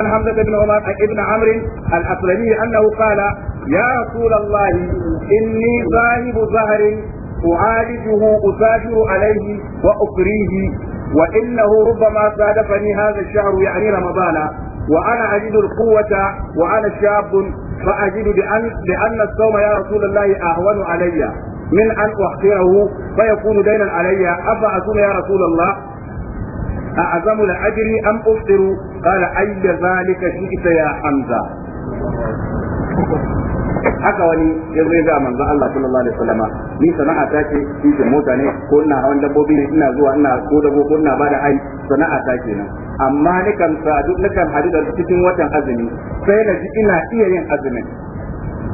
عن حمزة بن عمر بن عمرو الأسلمي أنه قال يا رسول الله إني صاحب زهر أعالجه أسافر عليه وأكريه وإنه ربما صادفني هذا الشهر يعني رمضان وأنا أجد القوة وأنا شاب فأجد بأن, بأن الصوم يا رسول الله أهون علي من أن أحقره فيكون دينا علي افاكون يا رسول الله أعظم الأجر أم أفطر قال أي ذلك شئت يا حمزة haka wani ya zai a manzo Allah sallallahu alaihi Salama, ni sana'a ta ce cikin mota ne ko ina hawan dabbobi ne ina zuwa ina ko dabo ko ina da ai sana'a ta nan amma ni kan sadu ni hadu da cikin watan azumi sai na ji ina iya yin azumin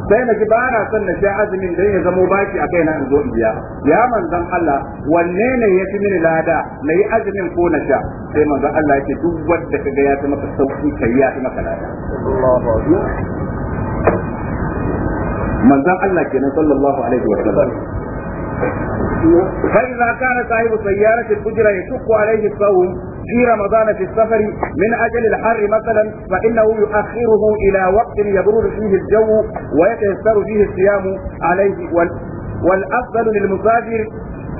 sai na ji ba na son na sha azumin dan ya zamo baki a kaina in zo biya ya manzon Allah wanne ne ya fi mini lada na yi azumin ko na sha sai manzon Allah yake duk wanda kaga ya ta maka sauki kai ya ta maka lada manzon Allah kenan sallallahu alaihi wa sallam فإذا كان صاحب سيارة الفجرة يشق عليه الصوم في رمضان في السفر من أجل الحر مثلا فإنه يؤخره إلى وقت يبرد فيه الجو ويتيسر فيه الصيام عليه والأفضل للمسافر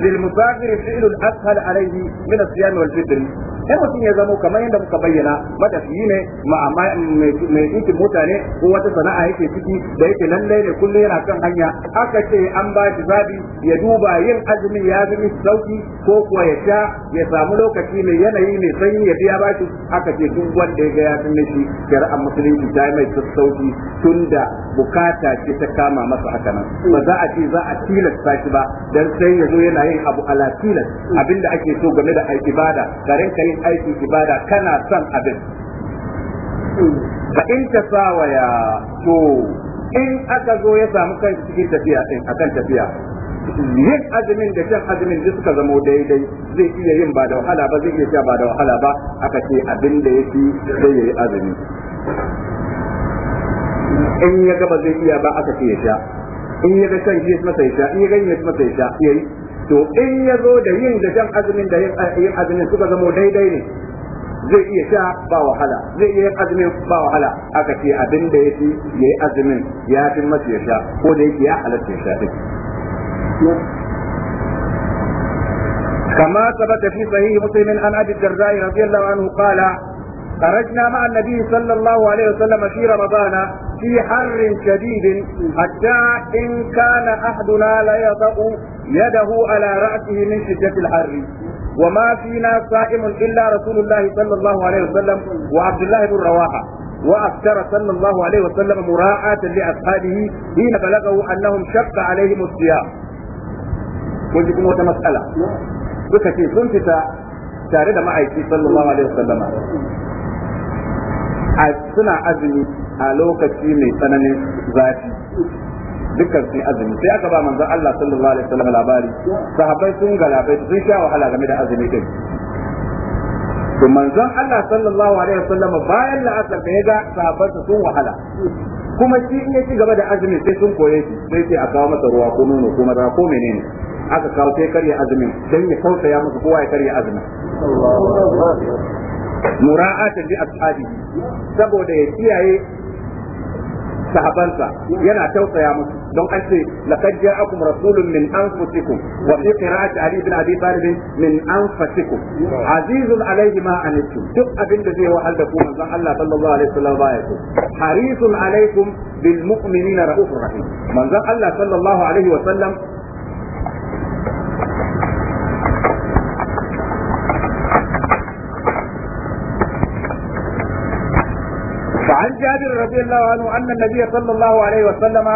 للمسافر فعل الأسهل عليه من الصيام والفطر sai mutum ya zamo kamar yadda muka bayyana matafiyi ne mai tuki mutane ko wata sana'a yake ciki da yake lallai ne kullum yana kan hanya aka ce an ba shi zabi ya duba yin azumi ya zumi sauki ko kuwa ya sha ya samu lokaci mai yanayi mai sanyi ya biya ba shi aka ce duk wanda ya ga ya fi shi shari'ar musulunci ta mai sassauci tun da bukata ce ta kama masa haka nan ba za a ce za a tilasta shi ba dan sai ya zo yana yin abu ala tilas abinda ake so game da ibada garin kai cikin aikin ibada kana son abin ba in ta sawaya to in aka zo ya samu kai cikin tafiya din akan tafiya yin azumin da shan azumin da suka zamo daidai zai iya yin ba da wahala ba zai iya sha ba da wahala ba aka ce abin da yake sai yayi azumi in ya gaba zai iya ba aka ce ya sha in ya ga kan yi masa ya sha in ya ga masa ya sha yayi to in ya zo da yin da jan azumin da eh, yin azumin suka zamo daidai ne zai iya sha ba wahala zai iya azumin ba wahala aka ce abin da ya ci ya yi azumin ya fi masu ya sha ko da yake ya halatta ya sha ɗin كما ثبت في صحيح مسلم عن ابي الدرداء رضي الله عنه قال خرجنا مع النبي صلى الله عليه وسلم في رمضان في حر شديد حتى إن كان أحدنا ليضع يده على رأسه من شدة الحر وما فينا صائم إلا رسول الله صلى الله عليه وسلم وعبد الله بن رواحة وأكثر صلى الله عليه وسلم مراعاة لأصحابه حين بلغه أنهم شق عليهم الصيام kun ji kuma wata matsala duka ce sun fita tare da ma'aiki sallallahu alaihi wasallama suna azumi a lokaci mai tsananin zafi dukkan sun azumi sai aka ba manzon Allah sallallahu alaihi wasallam labari sahabbai sun galabai sun sha wahala game da azumi din to manzon Allah sallallahu alaihi wasallam bayan la'asar da ya ga sun wahala kuma shi in ya ci gaba da azumi sai sun koye shi sai sai a kawo masa ruwa ko nono ko madara ko menene aka kawo sai karya azumi dan ya tausaya masa kowa ya karya azumin mura'atan bi ashabi saboda ya kiyaye sahabansa yana tausaya musu don an ce laqad ja'akum rasulun min anfusikum wa fi qira'ati ali ibn abi talib min anfusikum azizun alayhi ma anittum duk abinda da zai wahal da ku manzon Allah sallallahu alaihi wasallam baya ku harisun alaikum bil mu'minina raufur rahim manzon Allah sallallahu alaihi wasallam عن جابر رضي الله عنه أن النبي صلى الله عليه وسلم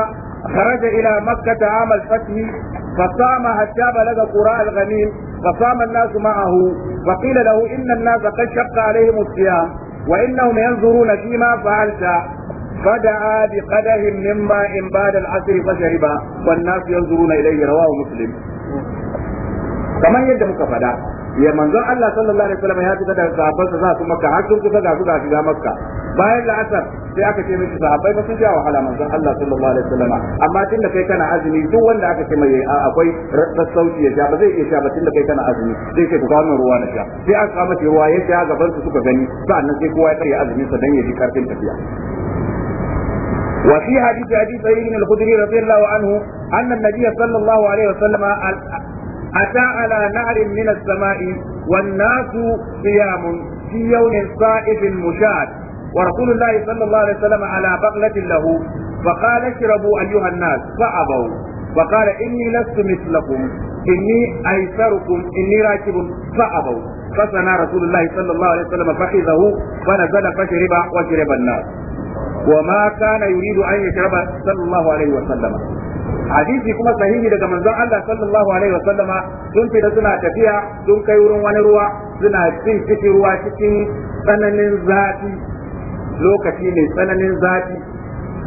خرج إلى مكة عام الفتح فصام حتى بلغ قراء الغميم فصام الناس معه فقيل له إن الناس قد شق عليهم الصيام وإنهم ينظرون فيما فعلت فدعا بقدح من ماء بعد العصر فشرب والناس ينظرون إليه رواه مسلم كما يدمك فدعا ya manzon Allah sallallahu alaihi wasallam ya fita daga sahabbansa za su makka har sun kusa ga su ga shiga makka bayan la'asar sai aka ce miki sahabbai ba sun ja wahala manzon Allah sallallahu alaihi wasallam amma tun da kai kana azumi duk wanda aka ce mai akwai sassauci ya sha ba zai iya sha ba tun da kai kana azumi zai ce ku kawo ruwa na sha sai aka kawo mace ruwa ya sha gaban su suka gani sa'annan sai kowa ya karya azumin sa dan ya ji karfin tafiya وفي حديث أبي سعيد الخدري رضي الله عنه أن النبي صلى الله عليه وسلم أتى على نهر من السماء والناس صيام في يوم صائف مشاد ورسول الله صلى الله عليه وسلم على بغلة له فقال اشربوا أيها الناس فأبوا فقال إني لست مثلكم إني أيسركم إني راكب فأبوا فسنى رسول الله صلى الله عليه وسلم فخذه فنزل فشرب وشرب الناس وما كان يريد أن يشرب صلى الله عليه وسلم hadisi kuma sahihi daga manzon Allah sallallahu alaihi sallama, sun fita suna tafiya sun kai wurin wani ruwa suna cin cikin ruwa cikin tsananin zafi lokaci ne tsananin zafi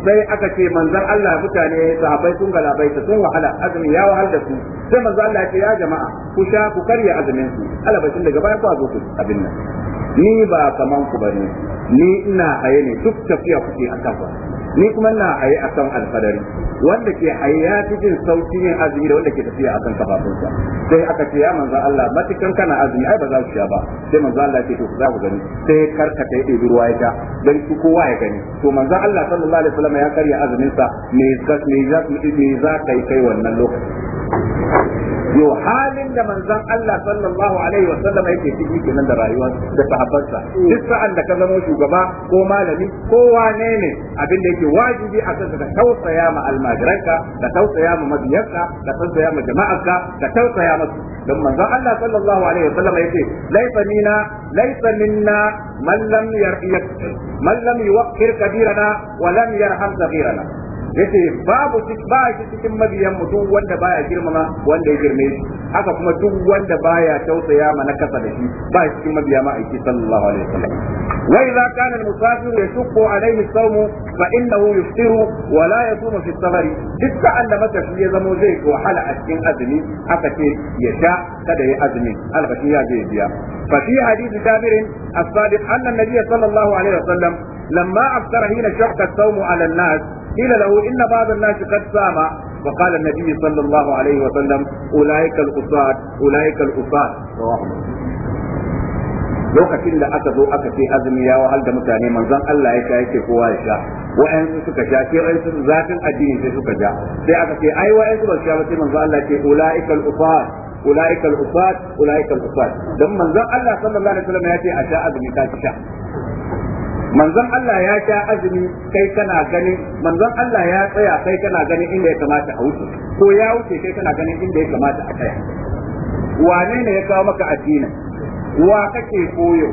sai aka ce manzon Allah mutane sahabbai sun ta, sun wahala azumi ya wahala da su sai manzon Allah ya ce ya jama'a ku sha ku karya azumin su tun daga baya ku zo ku abin nan ni ba kaman ku bane ni ina haye ne duk tafiya kuke a kan ni kuma na a akan alfadari wanda ke haye jin sauki yin azumi da wanda ke tafiya a kan kafafunsa sai aka ce ya manzo Allah matukan kana azumi ai ba za ku sha ba sai manzo Allah ke to za ku gani sai karkata ya ɗebi ruwa ya sha dan ku kowa ya gani to manzo Allah sallallahu alaihi wasallam ya karya azumin sa me za kai wannan lokacin. yo halin da manzon Allah sallallahu alaihi wa sallam yake ciki kenan da rayuwa da sahabbansa duk sa'an da ka zama shugaba ko malami ko wane ne abin da yake wajibi a kanka ka tausaya ma almajiranka ka tausaya ma mabiyanka ka tausaya ma jama'arka ka tausaya musu don manzon Allah sallallahu alaihi wa sallama yake laifa nina laifa minna man lam yar'iyak man lam yuwaqqir kabirana wa lam yarham saghirana yace babu ba shi cikin mabiyan mu duk wanda baya girmama wanda ya girme shi haka kuma duk wanda baya tausaya ma na kasa da shi ba shi cikin mabiya ma aiki sallallahu alaihi wasallam wa idza kana al-musafir yashqu alaihi as fa innahu yuftiru wa la yasumu fi as-safari duk sa'an da shi ya zamo zai wahala a cikin azumi aka ce ya sha kada ya azumi albashi ya zai biya fa fi hadith jabir as-sadiq anna an-nabiy sallallahu alaihi wasallam lamma aftara hina shaqqa as-sawm ala an-nas قيل له إن بعض الناس قد سام وقال النبي صلى الله عليه وسلم أولئك الأصاد أولئك الأصاد رواه lokacin da aka zo aka ce azumi ya wahal da mutane manzon Allah ya sha yake kowa ya sha wa'ansu suka sha sai wa'ansu zafin addini sai suka ja sai aka ce ai wa'ansu ba sha ba sai manzon Allah ke ce ulaikal ufat ulaikal ufat ulaikal ufat dan manzon Allah sallallahu alaihi wasallam ya ce a sha azumi ka sha manzon Allah ya sha azumi kai kana ganin manzon Allah ya tsaya kai kana ganin inda ya kamata a wuce ko ya wuce kai kana ganin inda ya kamata a tsaya wane ne ya kawo maka addini wa kake koyo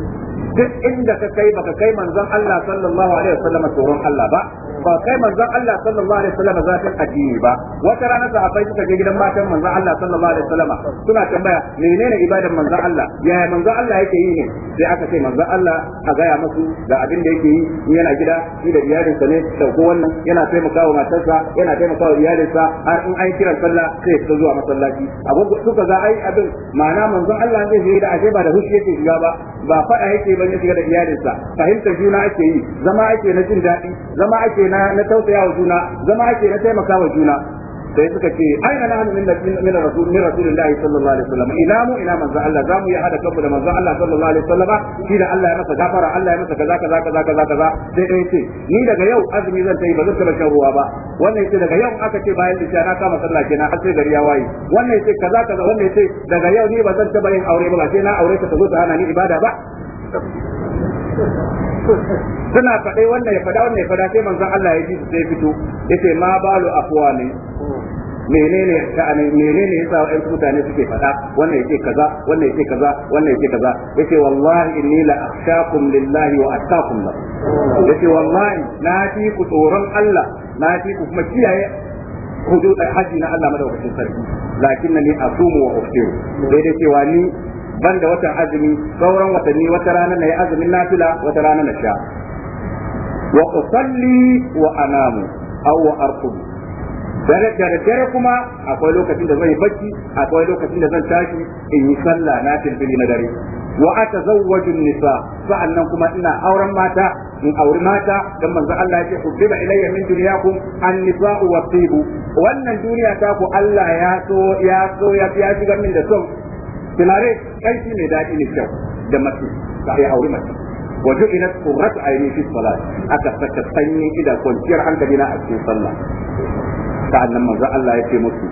duk inda ka kai baka kai manzon Allah sallallahu alaihi wasallam tsoron Allah ba ba kai manzon Allah sallallahu alaihi wasallam zatin addini ba wata rana sahabbai suka je gidan matan manzon Allah sallallahu alaihi wasallam suna tambaya menene ibadan manzon Allah yaya manzon Allah yake yi ne sai aka ce manzon Allah a gaya musu da abin da yake yi in yana gida shi da iyalinsa ne dauko wannan yana taimakawa matarsa yana taimakawa iyalinsa har in an kiran sallah sai ya zuwa masallaci abu suka ga ai abin ma'ana manzon Allah zai yi da ashe ba da hushi yake shiga ba ba faɗa yake ba ya shiga da iyalinsa fahimtar juna ake yi zama ake na jin daɗi zama ake na na tausaya wa juna zama ake na taimaka wa juna sai suka ce aina nahnu min min rasul min rasulillahi sallallahu alaihi wasallam ina mu ina manzo Allah zamu yi hada kanmu da manzo Allah sallallahu alaihi wasallam shi da Allah ya masa gafara Allah ya masa kaza kaza kaza kaza kaza sai dai ce ni daga yau azumi zan tayi ba zan taba shan ruwa ba wannan yace daga yau aka ce bayan isha na kama sallah kenan har sai gari ya waye wannan yace kaza kaza wannan yace daga yau ni ba zan taba yin aure ba sai na aure ka zo ta hana ni ibada ba suna faɗe wannan ya faɗa wannan ya faɗa sai manzon Allah ya ji su sai fito ce ma balu ne menene ne menene yasa wa'in mutane suke faɗa wannan yake kaza wannan yake kaza wannan yake kaza yace wallahi inni la akhshakum lillahi wa attaqum lahu yace wallahi na fi ku tsoron Allah na fi ku kuma kiyaye hudud haji na Allah madaukakin sarki lakinnani asumu wa uftiru dai cewa ni Ban da watan azumi sauran watanni wata rana na yi azumin nafila wata rana na sha wa usalli wa anamu aw wa arqudu daga dare kuma akwai lokacin da zai bacci akwai lokacin da zan tashi in yi sallah na tilbili na dare wa atazawwaju nisa sa'annan kuma ina auren mata in auri mata dan manzo Allah yake hubbiba ilayya min dunyakum an-nisa'u wa wannan duniya ta ku Allah ya so ya so ya ya min da son kai shi ne daɗi ne kyau da mace da ya aure mace waje ina a yi fi salat aka saka sanyi ida kwanciyar hankali na a cikin sallah sa'annan manzo Allah ya ce musu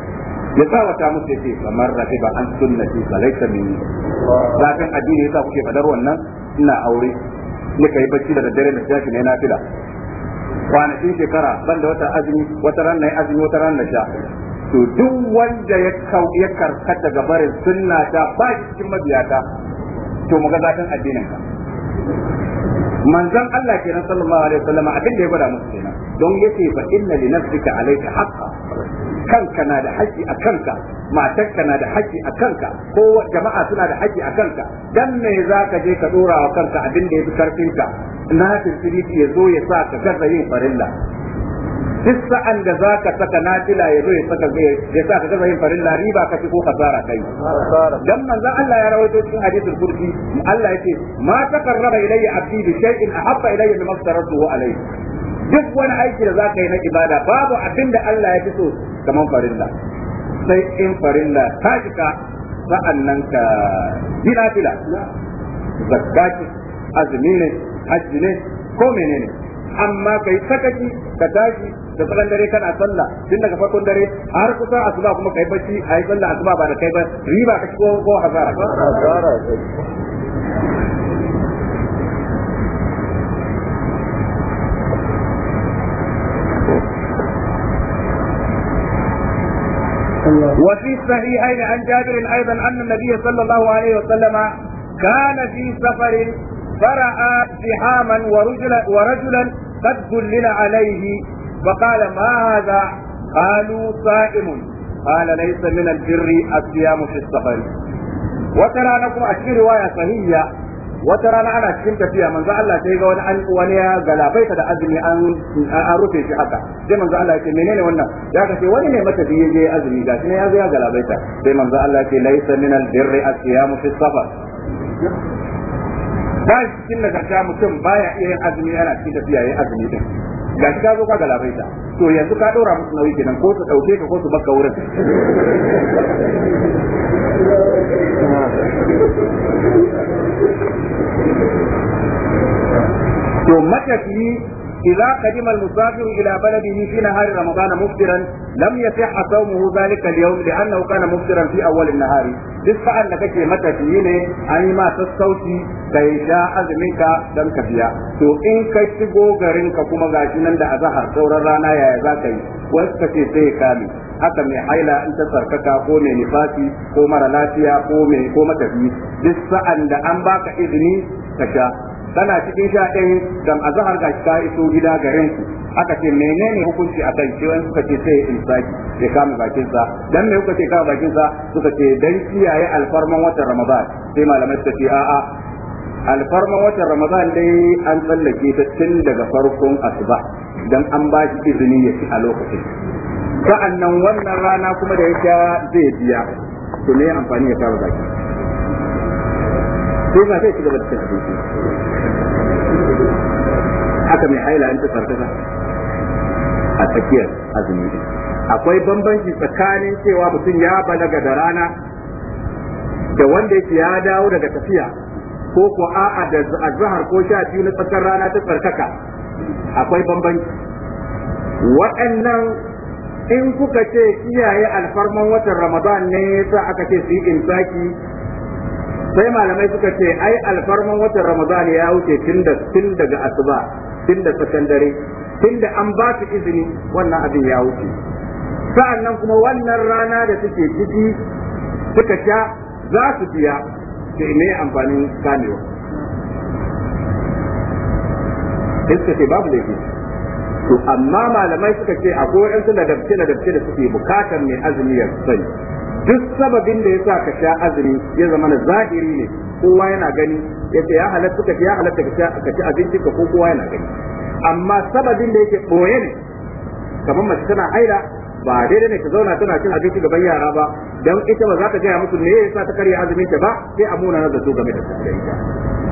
ya tsawata musu yace kamar rafiba an sunnati salaita minni zafin addini sa kuke fadar wannan ina aure nika kai bacci da daddare da tashi ne kwana kwanakin shekara ban da wata azumi wata ran azumi wata ran sha to duk wanda ya karkata ga barin sunna ta ba cikin mabiyata to mu ga zatin addinin ka manzon Allah kenan sallallahu alaihi wasallam abin da ya gwada musu kenan don yace fa inna li nafsika alayka haqqa kanka na da haƙƙi a kanka matarka na da haƙƙi a kanka ko jama'a suna da haƙƙi a kanka dan me zaka je ka dora wa kanka abin da yafi karfin ka na tirfiri ya zo ya sa ka gaza yin farilla duk sa'an da za ka saka nafila ya zo ya saka ya sa ka gaza yin farilla ba ka ci ko kasara kai dan manzon Allah ya rawaito cikin hadisul kursi Allah yake ma takarraba ilayya abdi bi shay'in ahabba ilayya mimma aftaratuhu alayhi duk wani aiki da za ka yi na ibada babu abin da Allah ya fi so kaman farilla sai in farilla ta jika nan ka bi nafila zakati azumi ne hajji ne ko menene amma kai sakaki ka tashi da tsakan dare kana sallah tun daga farkon dare har kusa asuba kuma kai bacci ayi sallah asuba ba da kai ba riba ka ko ko hasara وفي الصحيحين عن جابر ايضا ان النبي صلى الله عليه وسلم كان في سفر فراى زحاما ورجلا ورجلا قد ذلل عليه فقال ما هذا قالوا صائم قال ليس من البر الصيام في السفر وترى نقوم أشكي رواية صحيحة وترى أنا cikin tafiya manzo Allah sai ga wani an wani ya galabaita da azumi an rufe shi haka sai manzo Allah ya ce menene wannan da ka ce wani ne mata biye je azumi ga ya zo ya galabaita sai manzo Allah ya ce laysa min al-birri fi safar ba cikin nagarta mutum baya iya yin azumi ana cikin tafiya azumi din ga shi ka zo ka ta to yanzu ka ɗora musu nauyi kenan ko su ɗauke ka ko su baka wurin to matafiyi إذا قدم المسافر إلى بلده في نهار رمضان مفطرا لم يصح صومه ذلك اليوم لأنه كان مفطرا في na hari duk sa'an da kake matafiyi ne an yi ma sassauci da ya sha azumin ka dan ka biya to in kai shigo garin ka kuma gashi nan da azahar sauran rana yaya za ka yi wasu ka ce sai kame haka mai haila in ta sarkaka ko mai nifasi ko mara lafiya ko mai ko duk sa'an da an baka izini ka sha tana cikin sha ɗaya dan zahar ga ta iso gida garin su aka ce menene hukunci a kan cewa suka ce sai in saki ya kama bakin sa dan me kuka ce kama bakin sa suka ce dan kiyaye alfarman watan ramadan sai malamai suka ce a'a alfarman watan ramadan dai an tsallake ta tun daga farkon asuba dan an ba shi izini ya ci a lokacin sa'annan wannan rana kuma da ya sha zai biya to ne amfani ya kama baki sai ba zai ci gaba da cin haka mai haila an ta farfasa a tsakiyar azumi akwai bambanci tsakanin cewa mutum ya balaga da rana da wanda yake ya dawo daga tafiya ko ko a'a da azhar ko sha biyu na tsakar rana ta tsarkaka akwai bambanci waɗannan in kuka ce iyaye alfarman watan ramadan ne sa aka ce su yi insaki sai malamai suka ce ai alfarman watan ramadan ya wuce tun da tun daga asuba tun da tsakan dare tun da an ba su izini wannan abin ya wuce sa'annan kuma wannan rana da suke ciki suka sha za su biya sai me amfanin kamewa iska ce babu laifi to amma malamai suka ce akwai wadansu ladabce ladabce da suke bukatar mai azumi ya sani duk sababin da ya sa ka sha azumi ya zama na zahiri ne kowa yana gani yace ya halatta ka ya halatta ka ci abinci ka ko kowa yana gani amma sababin da yake boye ne kamar mace tana haila ba daidai ne ta zauna tana cin abinci gaban yara ba dan ita ba za ta gaya musu ya sa ta karya azumin ta ba sai a muna na zato game da ita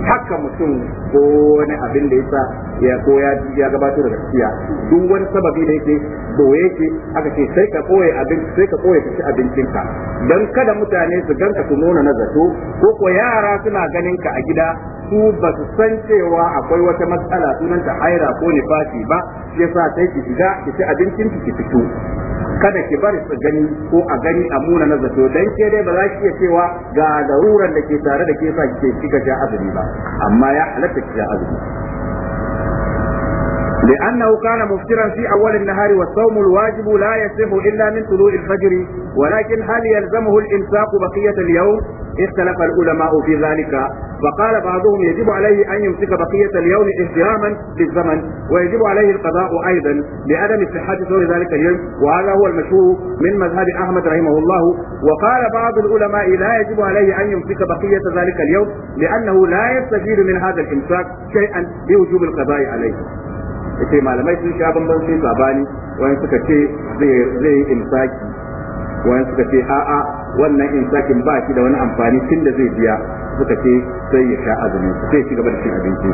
haka mutum ko wani abin da yasa ya ko ya ya gabatar da gaskiya duk wani sababi da yake boye yake aka ce sai ka koye abin sai ka koye kaci abincin ka dan kada mutane su ganka su nuna na zato ko ko yara suna ganin ka a gida su ba su san cewa akwai wata matsala sunan ta haira ko nifasi ba ya sa sai ki shiga ki ci abincin ki fito kada ki bari su gani ko a gani a muna na zato dan ke dai ba za ki iya cewa ga garuran da ke tare da ke sa ki shiga ja azumi ba amma ya halatta ki ja azumi لأنه كان مفطرا في أول النهار والصوم الواجب لا يصح إلا من طلوع الفجر ولكن هل يلزمه الإمساك بقية اليوم؟ اختلف العلماء في ذلك فقال بعضهم يجب عليه أن يمسك بقية اليوم احتراما للزمن ويجب عليه القضاء أيضا لعدم صحة صوم ذلك اليوم وهذا هو المشهور من مذهب أحمد رحمه الله وقال بعض العلماء لا يجب عليه أن يمسك بقية ذلك اليوم لأنه لا يستفيد من هذا الإمساك شيئا بوجوب القضاء عليه yace malamai sun sha bamban sai sabani wani suka ce zai zai insaki wani suka ce a'a wannan insakin ba shi da wani amfani tun da zai biya suka ce sai ya sha azumi sai ci gaba da cin abinci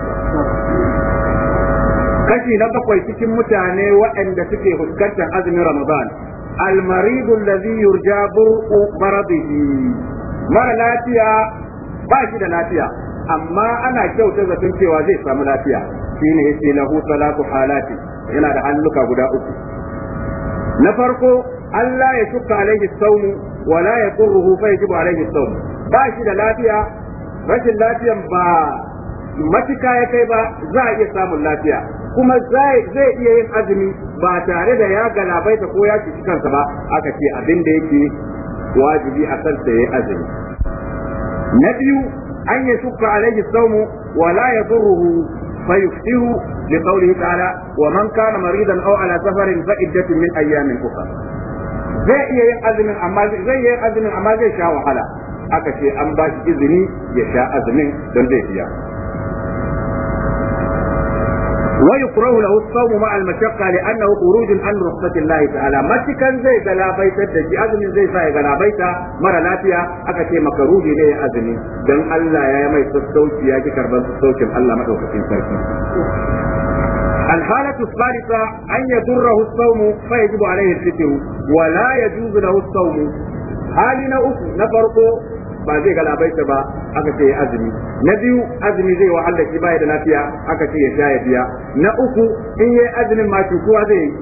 kashi na bakwai cikin mutane waɗanda suke fuskantar azumin ramadan almaridu alladhi yurja bur'u mara lafiya ba shi da lafiya amma ana kyauta zaton cewa zai samu lafiya shine yace lahu salatu halati yana da halluka guda uku na farko Allah ya shukka alaihi sawmu wa la yaqurruhu fa yajibu alaihi sawmu ba shi da lafiya rashin lafiyan ba matuka ya kai ba za a iya samun lafiya kuma zai iya yin azumi ba tare da ya galabaita ko ya ci kansa ba aka ce abin da yake wajibi a kansa ya azumi na biyu an ya shukka alaihi sawmu wa la yadurruhu فيفسه لقوله تعالى ومن كان مريضا أو على سفر فعدة من أيام أخرى zai iya yin azumin amma zai iya yin azumin amma zai sha wahala aka ce an ba shi izini ya sha azumin don zai biya ويكره له الصوم مع المشقة لأنه خروج عن رخصة الله تعالى ما كان زي غلابيتا دجي أزمي زي ساي غلابيتا مرة لاتيا أكتي مكروه لي أزمي دم الله يا ما يستوكي يا كربان تستوكي الله ما توقفين ساكي الحالة الثالثة أن يضره الصوم فيجب عليه الستر ولا يجوز له الصوم hali na uku na farko ba zai galabaita ba aka ce ya azumi na biyu azumi zai wa Allah shi baya da lafiya aka ce ya sha ya biya na uku in yayi azumin ma kowa zai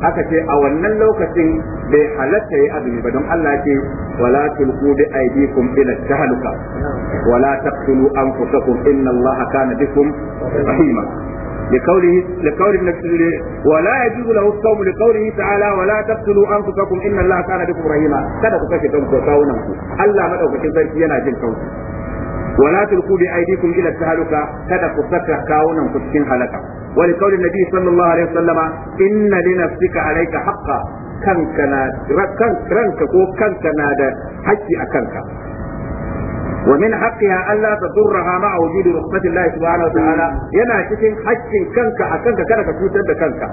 akace aka ce a wannan lokacin bai halatta yi azumi ba don Allah ce wala tulqu bi aydikum ila tahluka wala taqtulu anfusakum inna Allah kana bikum rahima لقوله لقول ابن كثير ولا يجوز له الصوم لقوله تعالى ولا تقتلوا انفسكم ان الله كان بكم رحيما kada ku kashe kanku da kawunanku Allah madaukakin sarki yana jin kanku ولا تلقوا بأيديكم إلى التهلكة kada ku saka kawunan ku cikin halaka ولقول النبي صلى الله عليه وسلم إن لنفسك عليك حقا kanka na ranka ko kanka na da haƙƙi a kanka ومن حقها ألا تضرها مع وجود رخصة الله سبحانه وتعالى ينا شكين haƙƙin كنك a كنك kada كنك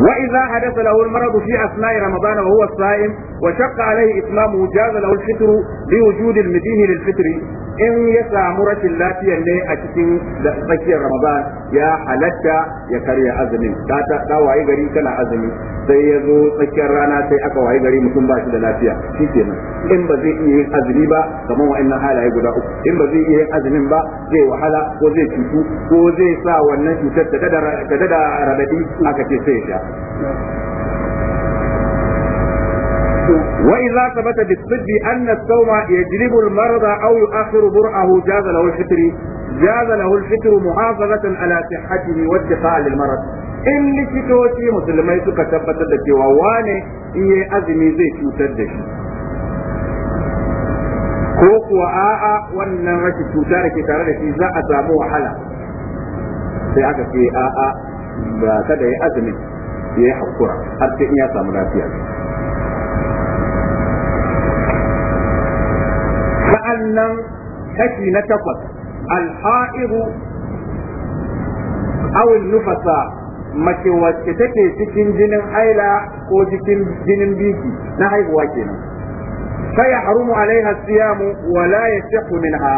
وإذا حدث له المرض في أثناء رمضان وهو الصائم وشق عليه إتمامه جاز له الفطر لوجود المدين للفطر in ya samu rashin lafiyar ne a cikin tsakiyar ramadan ya halatta ya karya azumin ta ta waye gari kana azumi sai ya zo tsakiyar rana sai aka waye gari mutum ba shi da lafiya shi nan in ba zai iya yin azumi ba kamar wa'annan halaye guda uku in ba zai iya yin azumin ba zai wahala ko zai cutu ko zai sa wannan cutar ta da radadi aka ce sai ya sha وإذا ثبت بالطب أن الصوم يجلب المرض أو يؤخر برأه جاز له الفطر جاز له الفطر محافظة على صحته واتقاء للمرض إن لشتوتي مسلمي سكا ثبت لكي وواني هي إيه أزمي زي تشوتدش كوك وآآ ونمشي تشوتارك تاردش إذا أزامو حلا سيأتك في آآ كده أزمي يحقر حتى إن يسام لا فيها sannan kashi na takwas alha'iru awul nufasa mace wacce take cikin jinin haila ko cikin jinin biki na haihuwa kenan sai harumu alaiha siyamu wala yasihu minha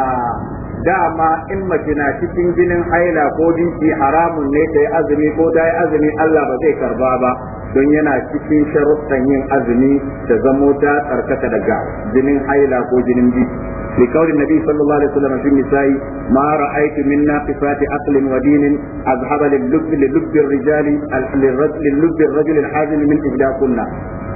dama in mace na cikin jinin haila ko biki haramun ne ta yi azumi ko ta yi azumi Allah ba zai karba ba don yana cikin sharuɗan yin azumi ta zamo ta tsarkaka daga jinin haila ko jinin biki لقول النبي صلى الله عليه وسلم في النساء ما رأيت من ناقصات عقل ودين أذهب للب للب الرجال للب الرجل الحازم من إحداكن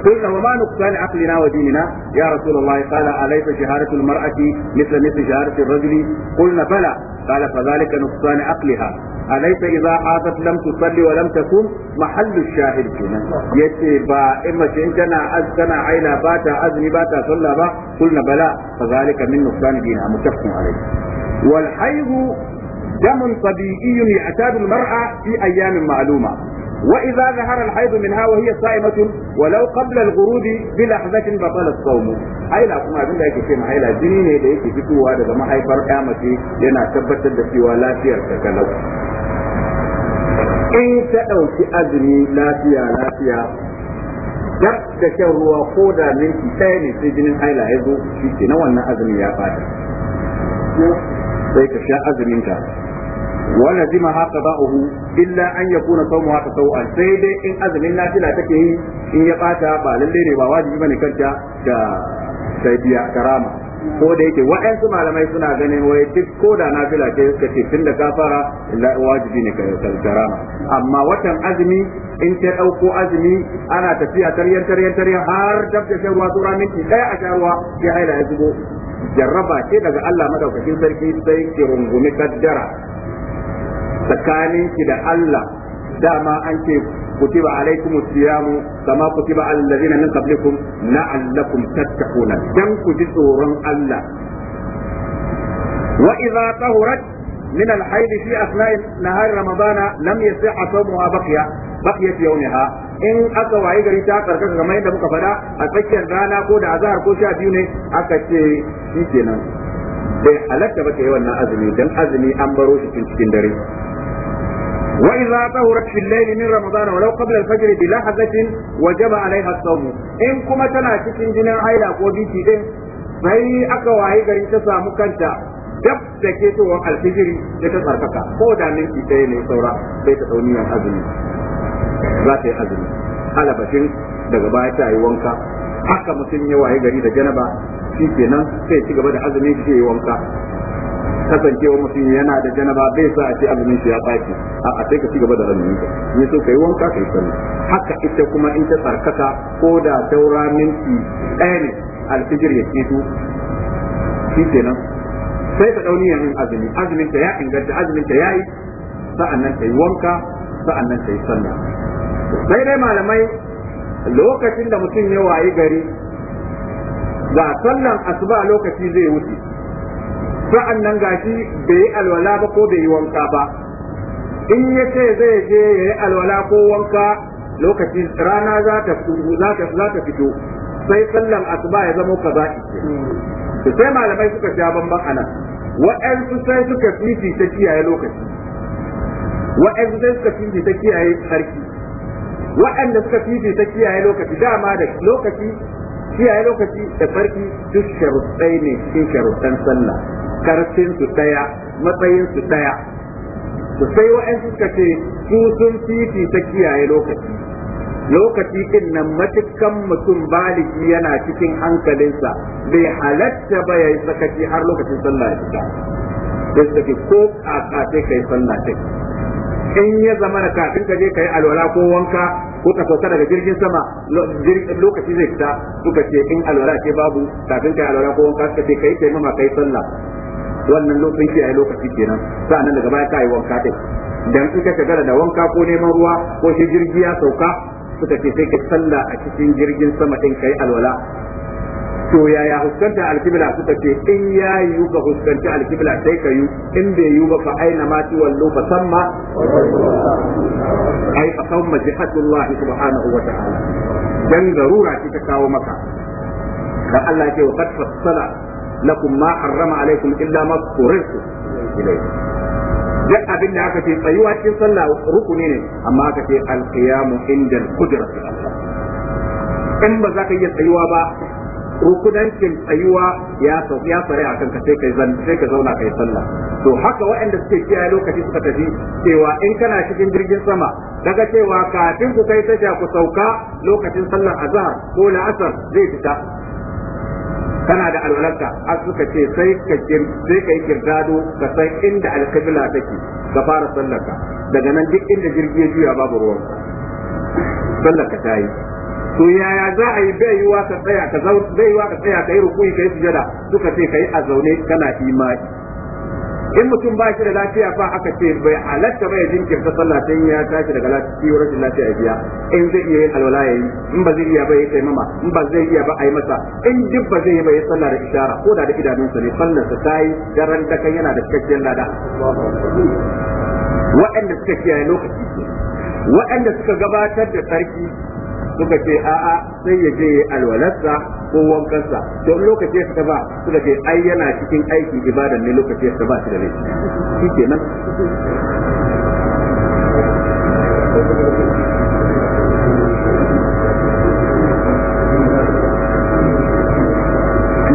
قلنا وما نقصان عقلنا وديننا يا رسول الله قال أليس شهادة المرأة مثل مثل شهادة الرجل قلنا بلى قال فذلك نقصان عقلها أليس إذا حاطت لم تصلي ولم تصوم محل الشاهد فينا يتي با إما شئتنا أزتنا عينا باتا أزني باتا صلى با قلنا بلا فذلك من نقصان دينها متفق عليه والحيض دم طبيعي يعتاد المرأة في أيام معلومة وإذا ظهر الحيض منها وهي صائمة walau qabla al-ghurubi bi lahzatin batala as-sawm haila kuma abin abinda yake ce haila jini ne da yake fitowa daga mahaifar ɗaya mace yana tabbatar da cewa lafiyar ta kalau in ta ɗauki azumi lafiya lafiya dab da shan ruwa ko da minti ɗaya ne sai jinin haila ya zo shi ke na wannan azumi ya fata sai ka sha azumin wala zima haka ba'uhu illa an yakuna sawmu haka sawan sai dai in azumin nafila take yi in ya bata ba lallai ne ba wajibi bane kanta da karama ko da yake waɗansu malamai suna ganin wai duk ko da nafila ce suka ce tun da ka fara wajibi ne ka karama amma watan azumi in ta ɗauko azumi ana tafiya taryan taryan taryan har dab da shan ruwa tsura minti ɗaya a sha ruwa sai haila ya zubo jarraba ce daga Allah madaukakin sarki sai ki rungumi kaddara tsakaninki da Allah dama an ce kutiba alaikum siyamu kama kutiba alal ladina min qablikum la'allakum tattaquna dan ku ji tsoron Allah wa idza tahurat min al-hayd fi asna'i nahar ramadana lam yasiha sawmuha baqiya baqiyat yawmiha in aka waye gari ta karkaka kamar yadda muka fada a tsakiyar rana ko da azahar ko sha biyu ne aka ce shi kenan bai halatta ba ta yi wannan azumi dan azumi an baro shi cikin dare وإذا طهرت في الليل من رمضان ولو قبل الفجر بلحظة وجب عليها الصوم إن كما تنا cikin jinin haila ko biki din sai aka waye gari ta samu kanta dab da ke to alfijiri da ta tsarkaka ko da minti ɗaya ne saura sai ta dauni yan azumi za ta yi azumi alabashin daga baya ta yi wanka haka mutum ya waye gari da ganaba, shi kenan sai ci gaba da azumi shi wanka kasancewa mutum yana da janaba bai sa a ce azumin shi ya baki a a sai ka ci gaba da azumin ka ne so kai wanka kai sani haka ita kuma in ta tsarkaka ko da daura minti ɗaya ne alfijir ya su shi kenan sai ta dauni yanzu azumi azumin ta ya inganta azumin ta yayi nan ta yi wanka nan ta yi sallah sai dai malamai lokacin da mutum ya wayi gari ga sallan asuba lokaci zai wuce sa'an nan gashi bai yi alwala ba ko bai yi wanka ba in ya ce zai je ya yi alwala ko wanka lokaci rana za ta fito sai sallan asuba ya zama kaza to sai malamai suka sha bamban ana wa'ansu sai suka fifi ta kiyaye lokaci wa'ansu sai suka fifi ta kiyaye sarki wa'anda suka fifi ta kiyaye lokaci dama da lokaci kiyaye lokaci da farki duk sharuɗai ne cikin sharuɗan sallah karfin su daya matsayin su daya to sai wa'ansu suka ce su sun fifi ta kiyaye lokaci lokaci din nan matukan mutum baliki yana cikin hankalinsa bai halatta ba ya yi sakaci har lokacin sallah ya fita sai suka ce ko kaka sai kai sallah sai in ya zama na kafin ka je kai alwala ko wanka ko ka sauka daga jirgin sama lokaci zai fita suka ce in alwala ce babu kafin kai alwala ko wanka suka ce kai kai mama kai sallah wannan lokacin kiyaye lokaci kenan sa'annan daga baya ka yi wanka din dan in ka shagala da wanka ko neman ruwa ko shi jirgi ya sauka suka ce sai ka sallah a cikin jirgin sama din kai alwala to yaya huskanta alkibla suka ce in ya yiwu ka huskanci alkibla sai ka yi in bai yiwu ba fa aina ma ti wallo fa samma ai fa kawma jihatullahi subhanahu wa ta'ala dan garura ce ta kawo maka dan Allah ya ce wa qad fassala lakum ma harrama alaikum illa ma qurrtu ilayhi duk abin da aka ce tsayuwa cikin sallah rukuni ne amma aka ce alqiyamu inda al in ba za ka iya tsayuwa ba rukudancin tsayuwa ya ya tsare a sai ka sai ka zauna kai sallah to haka waɗanda suke kiyaye lokaci suka tafi cewa in kana cikin jirgin sama daga cewa kafin ku kai tasha ku sauka lokacin sallar azhar ko la'asar zai fita kana da alwalarka har suka ce sai ka sai ka yi kirdado ka san inda alkibla take ka fara sallarka daga nan duk inda jirgi ya juya babu ruwan sallarka ta yi to yaya za a yi bai yiwa ka tsaya ka zauna bai yiwa ka tsaya ka yi rukuni ka yi sujada suka ce ka yi a zaune kana imani in mutum ba shi da lafiya fa aka ce bai halatta ba ya jinkirta sallah sai ya tashi daga lafiya rashin lafiya ya biya in zai iya yin alwala yayi in ba zai iya ba ya mama in ba zai iya ba ayi masa in duk ba zai ba ya sallah da ishara ko da da idanunsa ne sallar sa tayi daren da kan yana da cikakken lada waɗanda suka kiyaye lokaci waɗanda suka gabatar da sarki suka ce a'a sai ya je alwalarsa ko wankansa to lokacin sa ba suka ce ai yana cikin aiki ibadan ne lokacin sa ba shi da laifi shi kenan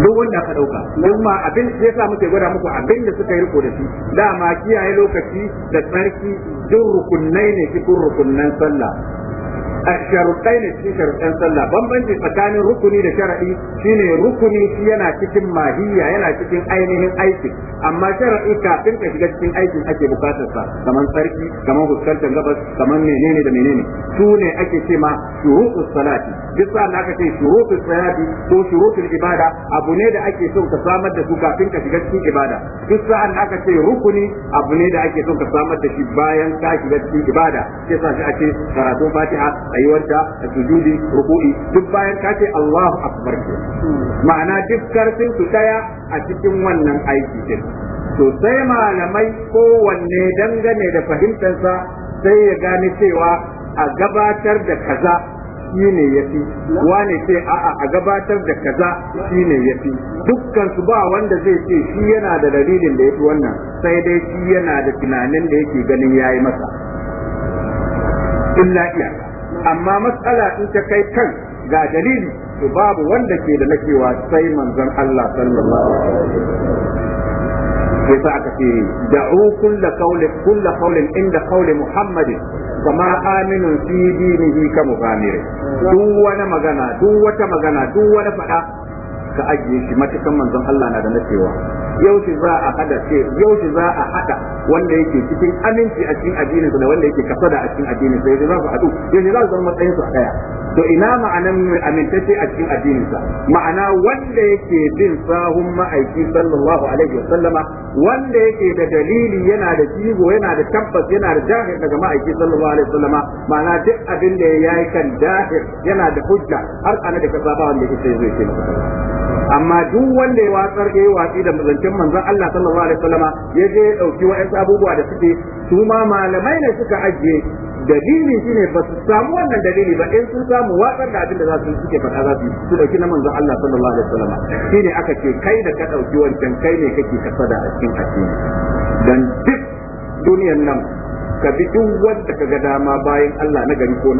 duk wanda ka dauka duk ma abin da yasa muke gwada muku abin da suka yi riko da shi dama kiyaye lokaci da tsarki duk rukunnai ne cikin rukunnan sallah sharuɗai ne cikin sharuɗan sallah bambanci tsakanin rukuni da shara'i shine rukuni shi yana cikin mahiyya yana cikin ainihin aiki amma shara'i kafin ka shiga cikin aikin ake bukatar sa kamar sarki kamar fuskantar gabas kamar menene da menene su ne ake ce ma shurutus salati duk sa da aka ce shurutus salati ko shurutul ibada abu ne da ake so ka samar da su kafin ka shiga cikin ibada duk sa da aka ce rukuni abu ne da ake so ka samar da shi bayan ka shiga cikin ibada sai sa ake karatun fatiha tsayuwarta a sujudi ruku'i duk bayan ka ce Allahu akbar ke ma'ana duk karfin su daya a cikin wannan aiki din to sai malamai kowanne dangane da fahimtarsa sai ya gane cewa a gabatar da kaza shine yafi wane ce a'a a gabatar da kaza shine yafi dukkan su ba wanda zai ce shi yana da dalilin da yafi wannan sai dai shi yana da tunanin da yake ganin yayi masa illa iyaka amma matsala in ta kai kan ga dalili to babu wanda ke da nakewa sai manzon Allah sallallahu alaihi wasallam sai aka ce da'u kulla qawli kulla qawlin inda qawli muhammadin kama aminun fi dinihi ka mughamir duk wani magana duk wata magana duk wani fada ka ajiye shi matakan manzon Allah na da nacewa yaushe za a hada ce yaushe za a hada wanda yake cikin aminci a cikin addinin da wanda yake da a cikin addinin sa yaushe za su hadu yaushe za su zama matsayin su a daya to ina ma'anan amintacce a cikin addinin sa ma'ana wanda yake bin sahun ma'aiki sallallahu alaihi wa sallama wanda yake da dalili yana da jigo yana da tabbas yana da jahil daga ma'aiki sallallahu alaihi wa sallama ma'ana duk abin da yi kan jahil yana da hujja har ana da kasa ba wanda yake sai zai ce maka amma duk wanda ya watsar ya watsi da mazancin manzon Allah sallallahu alaihi wasallama ya je ya dauki wa'ansu abubuwa da suke su ma malamai ne suka ajiye dalili shine ba su samu wannan dalili ba in sun samu watsar da abin da za su yi suke faɗa za su su dauki na manzon Allah sallallahu alaihi wasallama shine aka ce kai da ka dauki wancan kai ne kake kasada a cikin addini dan duk duniyar nan ka bi duk wanda ka ga dama bayan Allah na gari ko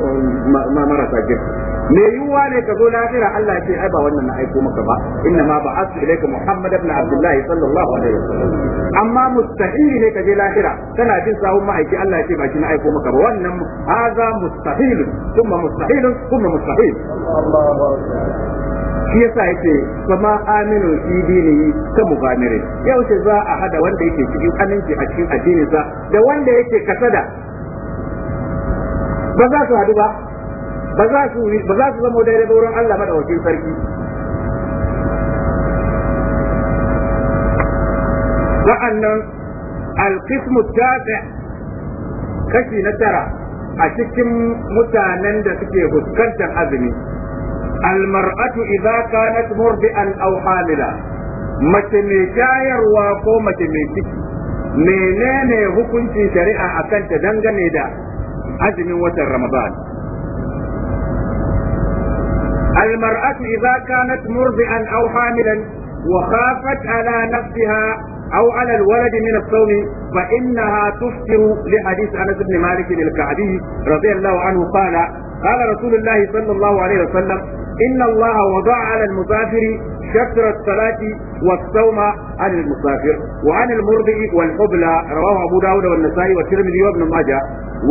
ma marasa girki me yiwuwa ne ka zo lafira Allah ya ce ai ba wannan na aiko maka ba inna ma ba'athu ilayka Muhammad ibn Abdullah sallallahu alaihi wasallam amma mustahil ne ka je lafira kana jin sawun ma'aiki Allah ya ce ba shi na aiko maka ba wannan haza mustahil kuma mustahil kuma mustahil Allahu akbar shi yasa yake kuma aminu fi dini ka mubamire yau ce za a hada wanda yake cikin aminci a cikin addini sa da wanda yake kasada ba za su hadu ba ba za su ba za su zama daidai ba wurin Allah madaukakin sarki wa'annan alqismu tafi kashi na tara a cikin mutanen da suke fuskantar azumi المرأة إذا كانت مرضئا أو mace mai shayarwa ko mace mai ciki menene hukuncin shari'a a kanta dangane da azumin watan ramadan almar'atu idza kanat murdi'an aw hamilan wa khafat ala nafsiha أو على الولد من الصوم فإنها تفطر لحديث أنس بن مالك الكعبي رضي الله عنه قال قال رسول الله صلى الله عليه وسلم إن الله وضع على المسافر شكر الصلاة والصوم عن المسافر وعن المرضع والحبلى رواه أبو داود والنسائي والترمذي وابن ماجه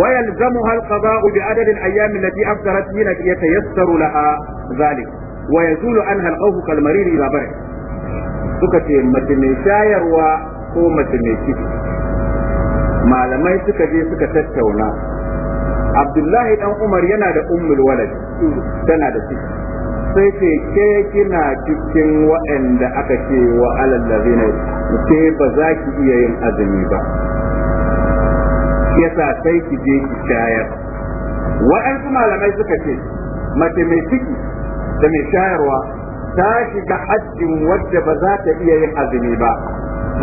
ويلزمها القضاء بعدد الأيام التي أفطرت حين يتيسر لها ذلك ويزول عنها الخوف كالمرير إذا برد suka ce mace mai shayarwa ko mace mai ciki malamai suka je suka tattauna abdullahi dan umar yana da ummul walad tana da ciki sai ce ke kina cikin waɗanda aka ce wa alal ladina ke ba za ki iya yin azumi ba yasa sai ki je ki shayar wa'ansu malamai suka ce mace mai ciki da mai shayarwa ta shiga hajjin wacce ba za ta iya yin azumi ba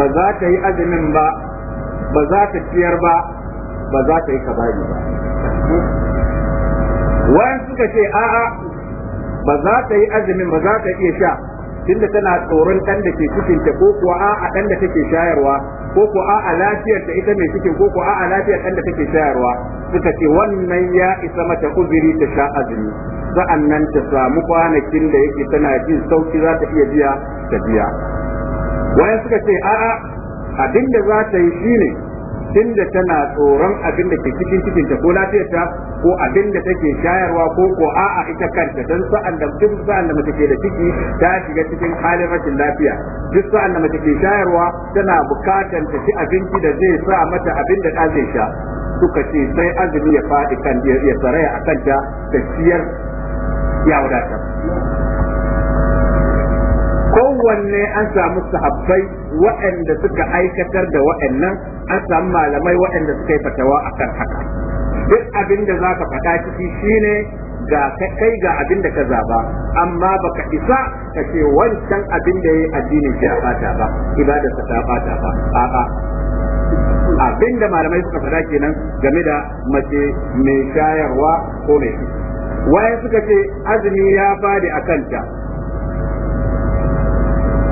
ba za ta yi azumin ba ba za ta ciyar ba ba za ta yi kabari ba wayan suka ce a'a ba za ta yi azumin ba za ta iya sha tunda tana tsoron ɗan da ke cikin ta ko kuwa a'a ɗan da take shayarwa ko kuwa a'a lafiyar da ita mai cikin ko kuwa a'a lafiyar ɗan da take shayarwa suka ce wannan ya isa mata uzuri ta sha azumi sa'annan ta samu kwanakin da yake tana jin sauki za ta iya biya ta biya wayan suka ce a'a abin da za ta yi shine tunda tana tsoron abin da ke cikin cikin ta ko lafiyarta ko abin da take shayarwa ko ko a'a ita kanta dan sa'an da duk sa'an da mace ke da ciki ta shiga cikin halin rashin lafiya duk sa'an da mace ke shayarwa tana bukatar ta ci abinci da zai sa mata abin da zai sha suka ce sai azumi ya faɗi kan ya saraya a kanta ta ciyar ya wadatar kowanne an samu sahabbai waɗanda suka aikatar da waɗannan an samu malamai waɗanda suka yi fatawa akan haka duk abin da za ka faɗa ciki shine ga kai ga abin da ka zaba amma baka isa ka ce wancan abin da ya yi addinin shi a ba ibada ta fata ba a'a abin da malamai suka faɗa kenan game da mace mai shayarwa ko mai waye suka ce azumi ya fadi a kanta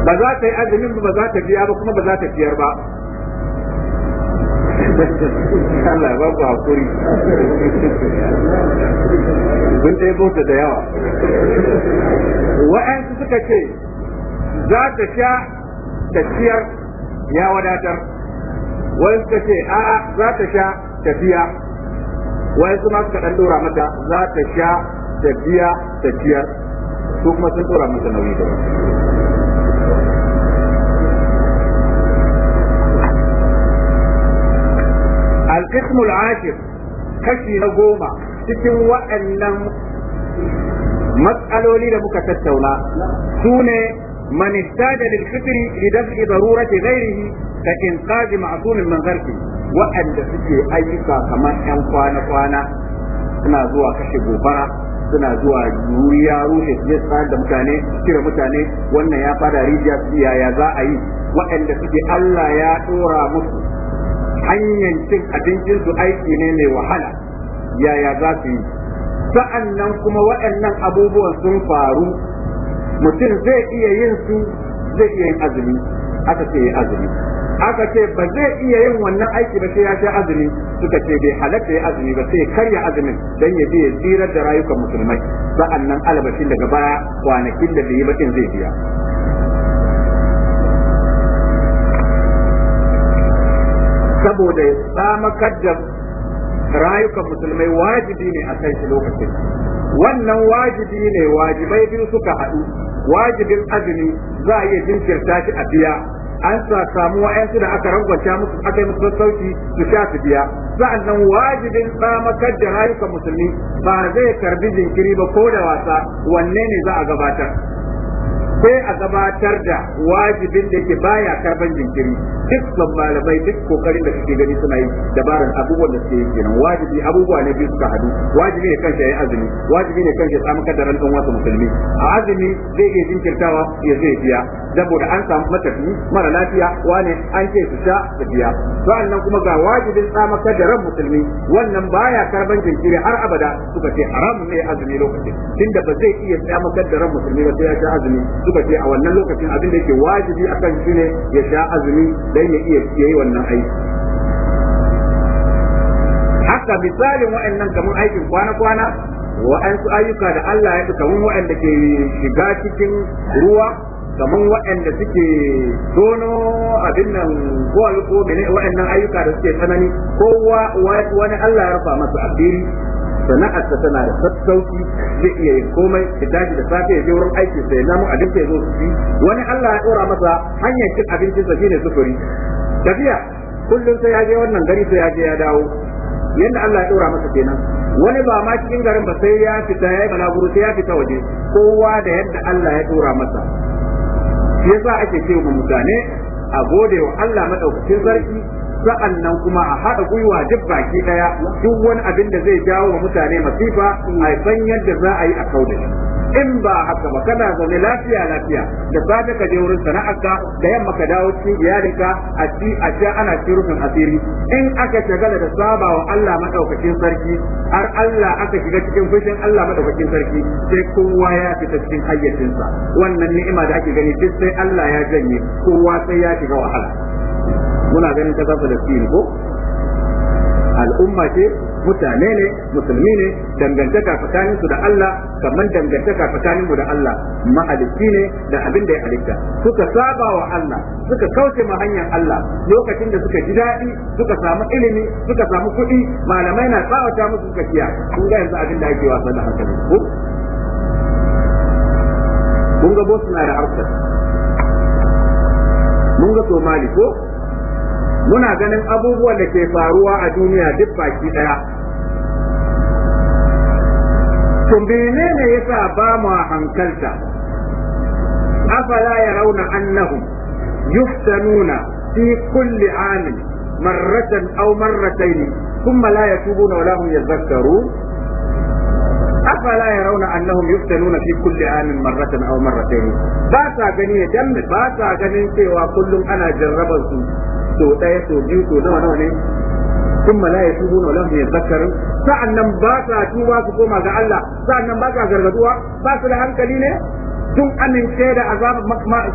ba za ta yi azumin ba za ta biya ba kuma ba za ta biyar ba Allah ba ku hakuri da yawa wa'ansu suka ce za ta sha tafiyar ya wadatar wani suka ce a'a za ta sha tafiya, biya wani ma suka ɗan ɗora mata za ta sha tafiya tafiyar, ta su kuma sun ɗora mata nauyi da القسم kashi na goma cikin waɗannan matsaloli da muka tattauna su ne da ihtaja lil fitri li daf'i darurati ghairihi ka inqaz ma'sum min gharfi wa'anda suke ayyuka kamar yan kwana kwana suna zuwa kashe gobara suna zuwa ya rushe ya da mutane kira mutane wannan ya fara rijiya yaya za a yi waɗanda suke Allah ya ɗora musu hanyar cin abincin su aiki ne mai wahala yaya za su yi sa'annan kuma waɗannan abubuwan sun faru mutum zai iya yin su zai iya yin azumi aka ce yi azumi aka ce ba zai iya yin wannan aiki ba sai ya sha azumi suka ce bai halatta ya azumi ba sai karya azumin don ya je ya tsirar da rayukan musulmai sa'annan albashin daga baya kwanakin da bai yi zai biya saboda ya samakar da rayukan musulmai wajibi ne a kan shi lokacin wannan wajibi ne wajibai biyu suka haɗu wajibin azumi za a iya jinkirta shi a biya an sa samu wa'yansu da aka rangwanta musu aka yi musu sauki su sha su biya sa'annan wajibin tsamakar da rayukan musulmi ba zai karbi jinkiri ba ko da wasa wanne ne za a gabatar sai a gabatar da wajibin da yake baya karban jinkiri dukkan malamai duk kokarin da suke gani suna yi dabarar abubuwan da suke yi kenan wajibi abubuwa ne biyu suka hadu wajibi ne kanshi yi azumi wajibi ne kanshi ya samu kadaran dan wasu musulmi a azumi zai iya jinkirtawa ya zai biya saboda an samu matafi mara lafiya wane an ce su sha su biya sa'annan kuma ga wajibin tsama kadaran musulmi wannan baya karban jinkiri har abada suka ce haramun ne azumi lokacin tunda ba zai iya tsama kadaran musulmi ba sai ya sha azumi suka ce a wannan lokacin abin da yake wajibi akan shi ne ya sha azumi dan ya iya yi wannan aiki haka misalin wa'annan kamar aikin kwana-kwana wa'ansu ayyuka da Allah ya kamar wa'anda ke shiga cikin ruwa kamar da suke tono abin nan gwal ko mene nan ayyuka da suke tsanani kowa wani Allah ya rufa masu asiri sana'ar ta tana da sassauci zai iya yin komai ya tashi da safe ya je wurin aiki sai namu abinci ya zo su ci wani Allah ya dora masa hanyar cin sa shine sufuri tafiya kullum sai ya je wannan gari sai ya je ya dawo yadda Allah ya dora masa kenan wani ba ma cikin garin ba sai ya fita ya yi balaguro sai ya fita waje kowa da yadda Allah ya dora masa shi yasa ake cewa mutane a gode wa Allah madaukakin sarki sa'annan kuma a haɗa gwiwa duk baki ɗaya duk wani abin da zai jawo wa mutane masifa a san yadda za a yi a kauda in ba haka ba kana zaune lafiya lafiya da safe ka je wurin sana'arka da yamma ka dawo cikin iyalinka a ci a ci ana ci rufin asiri in aka shagala da saba Allah madaukakin sarki har Allah aka shiga cikin fushin Allah madaukakin sarki sai kowa ya fita cikin hayyacinsa wannan ni'ima da ake gani duk sai Allah ya janye kowa sai ya shiga wahala muna ganin ta da fili ko al'umma ce mutane ne musulmi ne dangantaka tsakanin su da Allah kamar dangantaka tsakanin mu da Allah mahalicci ne da abin da ya halitta suka saba wa Allah suka kauce ma hanyar Allah lokacin da suka ji daɗi suka samu ilimi suka samu kuɗi malamai na tsawata musu suka kiya kun ga yanzu abin da ake wasa da ne ko kun ga na da Afghanistan mun ga Somali ko muna ganin abubuwan da ke faruwa a duniya duk baki daya to bene menene yasa ba mu hankalta afala yarawna annahum yuftanuna fi kulli amin marratan aw marratayn thumma la yatubuna wa la hum yadhakkarun أفلا يرون أنهم يفتنون في كل عام مرة أو مرتين باسا غني دم باسا غني سوى كل أنا جربت so ɗaya biyu nawa nawa ne ba sa tuba su koma ga Allah nan ba sa gargaduwa ba su da hankali ne sun amince da azabar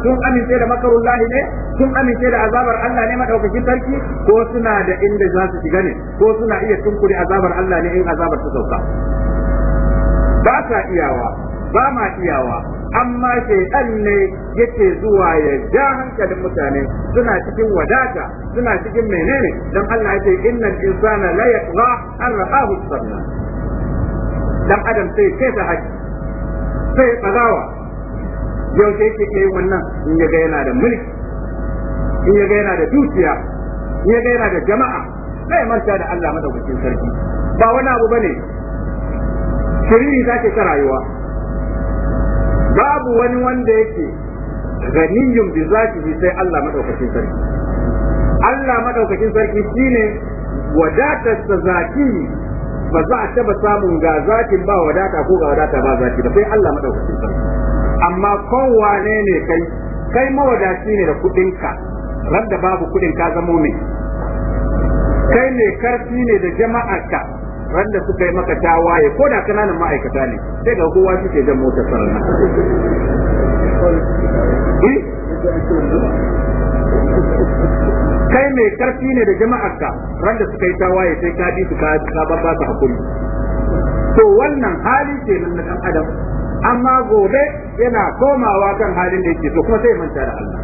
sun amince da ne sun amince da azabar Allah ne madaukakin sarki ko suna da inda za su shiga ne ko suna iya tunkuri azabar Allah ne in azabar ta sauka ba sa iyawa ba ma iyawa amma shaitan ne yake zuwa ya ja hankalin mutane suna cikin wadata suna cikin menene dan Allah yake innal insana la yatgha an ra'ahu sabna dan adam sai kai ta haji sai tsagawa yau sai yake kai wannan in ya ga yana da mulki in ya ga yana da dukiya in ya ga yana da jama'a sai manta da Allah madaukakin sarki ba wani abu bane shiriri zake ta rayuwa babu wani wanda yake ganiyun bi zatihi sai Allah madaukakin sarki Allah madaukakin sarki shine wadata sa zati ba za a taba samun ga zakin ba wadata ko ga wadata ba zati ba sai Allah madaukakin sarki amma kowane ne kai kai mawadaci ne da kudinka ran da babu kudin ka zamo ne kai ne karfi ne da jama'arka randa suka yi maka tawaye ko da kananan ma'aikata ne sai ga kowa suke jan motar sarana eh? kai mai karfi ne da jama'arka randa suka yi tawaye sai ka bi su ka ba su hakuri to wannan hali ce nan na adam amma gobe yana komawa kan halin da yake so kuma sai manta da Allah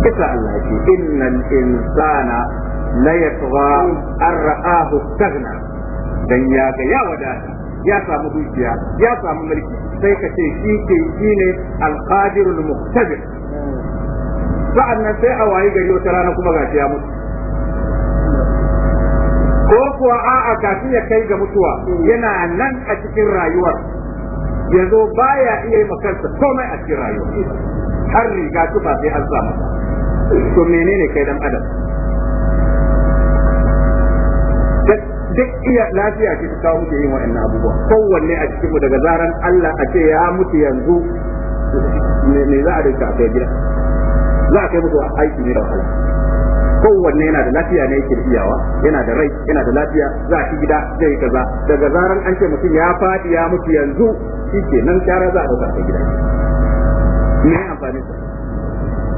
kisa Allah ce innal insana la yatgha an ra'ahu istaghna dan ya ga ya wadata ya samu dukiya ya samu mulki sai ka ce shi ke shi ne al-qadir sa'an nan sai a wayi gari wata rana kuma gashi ya mutu ko kuwa a'a kafin ya kai ga mutuwa yana nan a cikin rayuwar ba baya iya yi makarsa komai a cikin rayuwa har riga tufa sai an samu to menene kai dan adam duk iya lafiya ce ta kawo muke yin wa'annan abubuwa kowanne a cikin daga zaran Allah a ce ya mutu yanzu ne za a dinka a kai gida za a kai a aiki ne da wahala kowanne yana da lafiya ne yake iyawa yana da rai yana da lafiya za a ci gida zai kaza daga zaran an ce mutum ya faɗi ya mutu yanzu shi ke nan kyara za a ɗauka a gida me amfani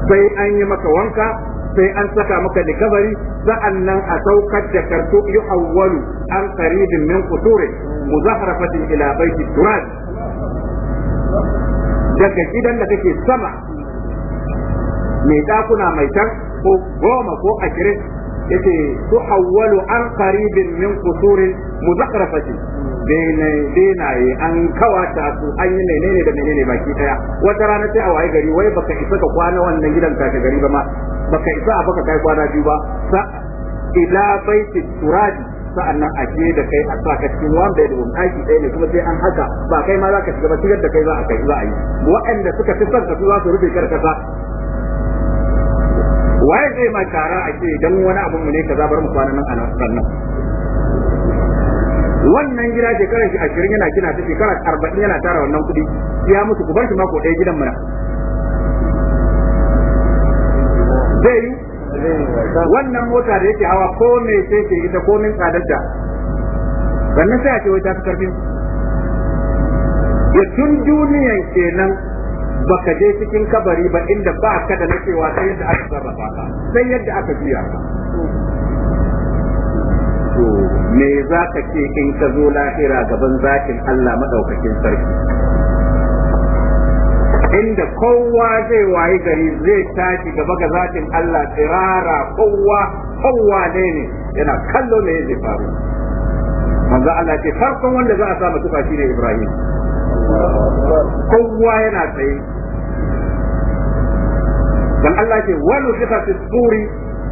sai an yi maka wanka sai an saka maka likabari nan a saukar da karto awwalu an qaribin min quturi muzahrafatin ila baiti turad daga gidan da kake sama mai dakuna mai tar ko goma ko ashirin yace tuhawwalu an qaribin min qusurin muzakrafati benaye an kawata su an yi menene da menene baki daya wata rana sai a waye gari wai baka isa ka kwana wannan gidan ka gari ba ma baka isa a baka kai kwana biyu ba sa ila baiti turabi sa'annan a je da kai a sa ka cikin wan ya aiki ɗaya ne kuma sai an haka ba kai ma za ka shiga ba shigar da kai za a kai za a yi waɗanda suka fi son ka su za su rufe karkasa waye zai ma tara a ce dan wani abu mu ne kaza bar mu kwana nan a nan wannan gida shekarar shi ashirin yana gina ta shekarar arba'in yana tara wannan kuɗi ya mutu ku bar shi mako ɗaya gidan mana zai yi wannan mota da yake hawa ko me sai ke ita ko min tsadarta wannan sai a ce wai ta fi karfin ya tun duniyan kenan baka je cikin kabari ba inda ba ka da na cewa sai yadda aka sarrafa ka sai yadda aka biya. ka to me za ka ce in ka zo lahira gaban zakin Allah madaukakin sarki inda kowa zai wayi gari zai tashi gaba ga zakin Allah tsirara kowa kowa ne ne yana kallo ne zai faru manzo Allah ce farkon wanda za a sa mutufa shine Ibrahim kowa yana tsaye dan Allah ke wani suka fi tsuri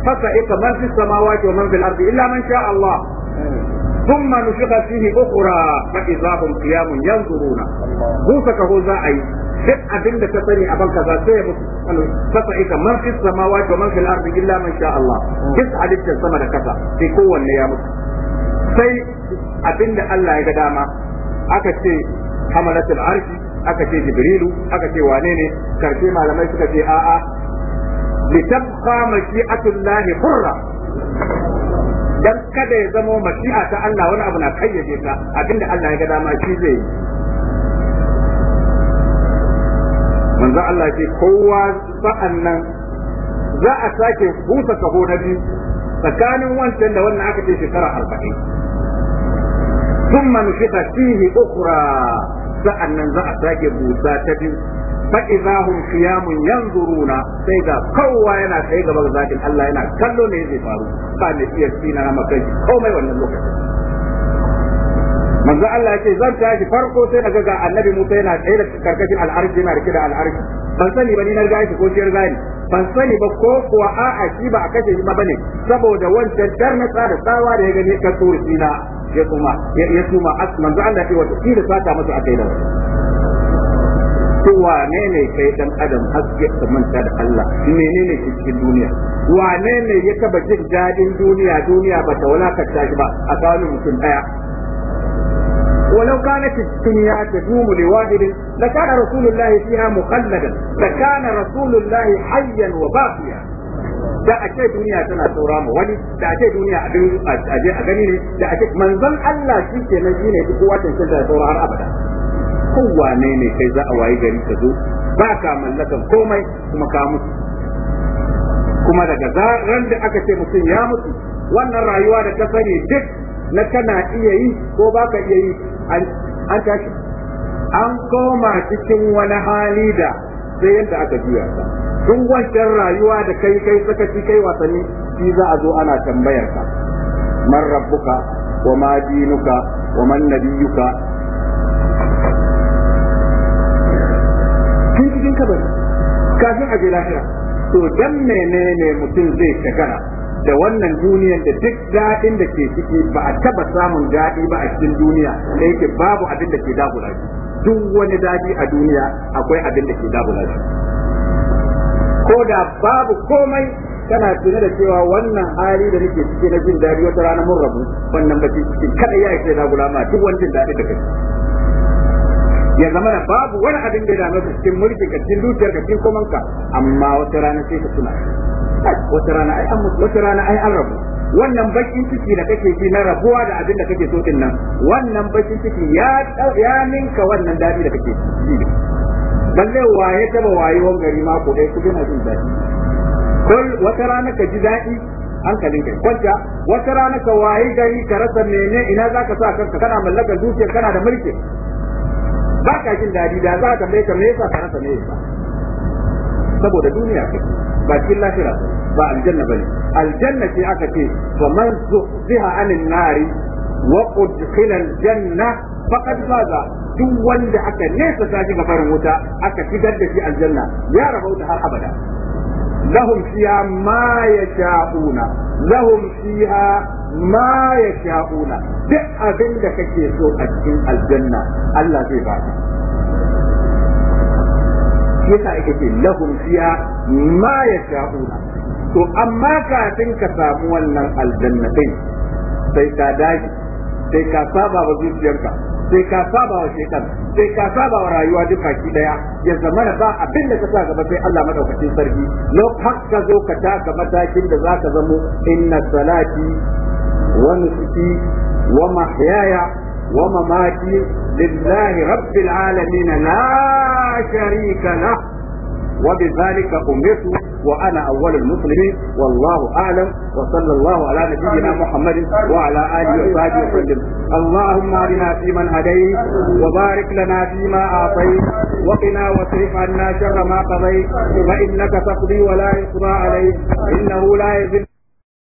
fasa ika man fi samawa ke man fi lardi illa man sha Allah sun ma ne na نفخ kiyamun أخرى فإذا busa ka ينظرون za a yi duk abin da ka sani a banka za sai ya mutu fasa ita man fi samawa ke man fi lardi illa man sha Allah duk halittar sama da kasa sai kowanne ya mutu sai abin da Allah ya ga dama aka ce hamalatul arshi aka ce jibrilu aka ce wane ne karshe malamai suka ce a'a litabqa mashi'atullahi hurra dan kada ya zama mashi'a ta Allah wani abu na kayyade ta abinda Allah ya ga dama shi zai manzo Allah ce kowa sa'annan za a sake busa kaho na biyu tsakanin wancan da wannan aka ce shekara arba'in thumma nufiqa fihi ukhra sa'annan za a sake busa ta biyu fa idza hum qiyamun yanzuruna sai ga kowa yana kai gaba ga zakin Allah yana kallo ne zai faru ba ne iya tsina na makai komai wannan lokacin manzo Allah yake zan tashi farko sai daga ga annabi Musa yana tsaye da karkashin al'arshi yana rike da al'arshi ban sani ba ni na riga shi ko shi riga ni ban sani ba ko kuwa a'a shi ba a kashe shi ba bane saboda wancan tarnatsa da tsawa da ya gani ka tsoro ya tuma ya tuma manzo Allah ya wata kila saka masa akai da to wane ne kai dan adam haske ka manta da Allah menene ke cikin duniya wane ne ya taba jin dadin duniya duniya ba ta walakanta shi ba a kawo mutum daya ولو كانت الدنيا تدوم لواحد لكان رسول الله فيها مخلدا لكان رسول الله حيا وباقيا da a ce duniya tana saura ma wani da a ce duniya a aje a gani ne da a ce manzon Allah shi ke nan ne duk kowa tantan da saura har abada Kowa ne kai za a wayi gari ka zo ba ka mallakar komai kuma ka mutu kuma daga zaran da aka ce mutum ya mutu wannan rayuwa da ta sani duk na kana iya yi ko ba ka iya yi an tashi an koma cikin wani hali da sai yadda aka juya ta duk wancan rayuwa da kai kai sakaci kai wasanni shi za a zo ana tambayar ka man rabbuka wa ma dinuka wa man nabiyuka kin cikin kabar kafin a je lahira to dan menene mutum zai shagara da wannan duniyar da duk daɗin da ke ciki ba a taba samun daɗi ba a cikin duniya da yake babu abin da ke dagula shi duk wani daɗi a duniya akwai abin da ke dagula shi ko da babu komai kana tuna da cewa wannan hali da nake cike na jin daɗi wata rana mun rabu wannan ba cikin kada ya ce na gulama duk wani jin daɗi da kai ya zama na babu wani abin da dame cikin mulki ka cikin dukiyar ka cikin ka amma wata rana sai ka tuna wata rana ai an mutu wata rana ai an rabu wannan bakin ciki da kake ji na rabuwa da abin da kake so din nan wannan bakin ciki ya ya ninka wannan dadi da kake ji balle waye taba wayewar gari mako dai ku na jin daɗi ko wata rana ka ji daɗi hankalin kai. kwanta wata rana ka waye gari ka rasa mene ina zaka sa kanka kana mallakar dukiyar kana da mulki ba ka jin daɗi da za ka ka me yasa ka rasa me yasa saboda duniya ba cikin lafiya ba aljanna bane aljanna ce aka ce fa man zuhziha anin nari wa udkhila aljanna faqad faza duk wanda aka nesa ta ga farin wuta aka shigar da shi aljanna ya rabauta har abada lahum fiha ma yasha'una lahum fiha ma yasha'una duk abin da kake so a cikin aljanna Allah zai baka shi yasa ake ce lahum fiha ma yasha'una to amma kafin ka samu wannan aljanna sai ka dage sai ka saba wa zuciyarka sai ka saba wa sai ka saba wa rayuwa duk baki daya ya zama ba abin da ka sa gaba sai Allah madaukakin sarki lo hakka zo ka taka matakin da zaka zamo inna salati wa nusuki wa mahyaya wa mamati lillahi rabbil alamin la sharika lahu وبذلك أمرت وأنا أول المسلمين والله أعلم وصلى الله على نبينا محمد وعلى آله وصحبه وسلم اللهم أرنا فيمن هديت وبارك لنا فيما أعطيت وقنا واصرف عنا شر ما قضيت فإنك تقضي ولا يقضى عليك إنه لا يذل